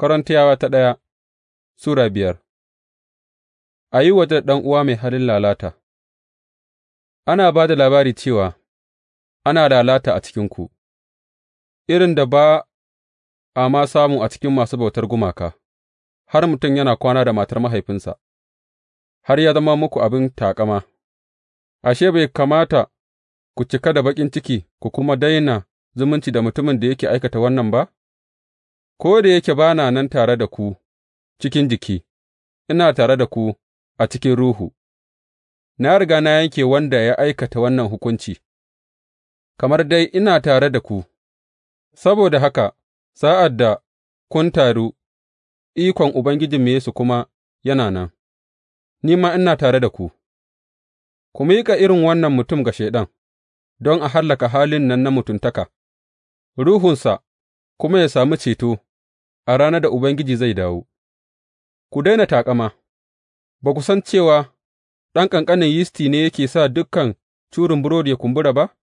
Korintiyawa ta ɗaya Sura biyar A yi waje da uwa mai halin lalata Ana ba da labari cewa ana lalata a cikinku, irin da ba a ma samu a cikin masu bautar gumaka, har mutum yana kwana da matar mahaifinsa, har ya zama muku abin taƙama, ashe, bai kamata ku cika da baƙin ciki ku kuma daina zumunci da mutumin da yake aikata wannan ba? ko da yake ba na nan tare da ku cikin jiki, ina tare da ku a cikin ruhu, na riga na yanke wanda ya aikata wannan hukunci, kamar dai ina tare da ku, saboda haka sa'ad da kun taru, ikon Ubangijinmu Yesu kuma yana nan, ni ma ina tare da ku, ku miƙa irin wannan mutum ga Shaiɗan, don a hallaka halin nan na mutuntaka, ruhunsa kuma ya sami ceto a ranar da Ubangiji zai dawo. Ku daina taƙama, ba ku san cewa ɗan ƙanƙanin yisti ne yake sa dukkan curin burodi ya kumbura ba?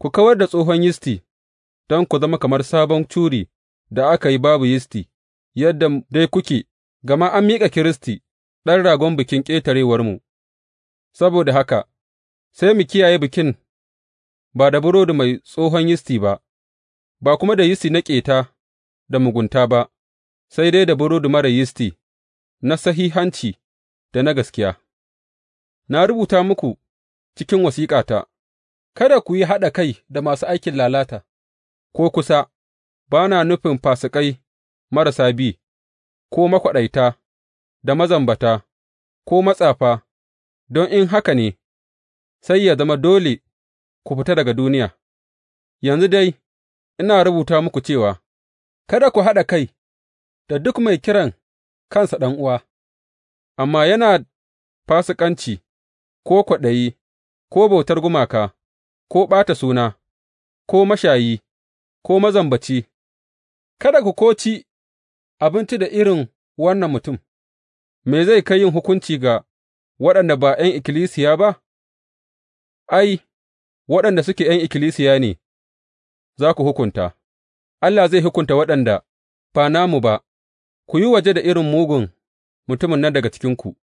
Ku kawar da tsohon yisti don ku zama kamar sabon curi da aka yi babu yisti, yadda dai kuke, gama an miƙa Kiristi, ɗan ragon bikin ƙetarewarmu. Saboda haka, sai mu kiyaye bikin ba da burodi mai tsohon yisti ba. ba kuma da yisti na ƙeta da mugunta ba, sai dai da burodi marar yisti na sahihanci da na gaskiya. Na rubuta muku cikin wasiƙata, kada ku yi haɗa kai da masu aikin lalata, ko kusa, ba na nufin fasikai marasa bi, ko makwaɗaita, da mazambata, ko matsafa, don in haka ne, sai ya zama dole ku fita daga duniya. Yanzu dai, ina rubuta muku cewa kada ku haɗa kai da duk mai kiran kansa ɗan'uwa, amma yana fasikanci, ko kwaɗayi, ko bautar gumaka, ko ɓata suna, ko mashayi, ko mazambaci, kada ku koci abinci da irin wannan mutum, me zai kai yin hukunci ga waɗanda ba ’yan ikkilisiya ba? Ai, waɗanda suke ’yan ikkilisiya ne za ku hukunta, Allah zai hukunta waɗanda ba namu ba, ku yi waje da irin mugun mutumin nan daga cikinku.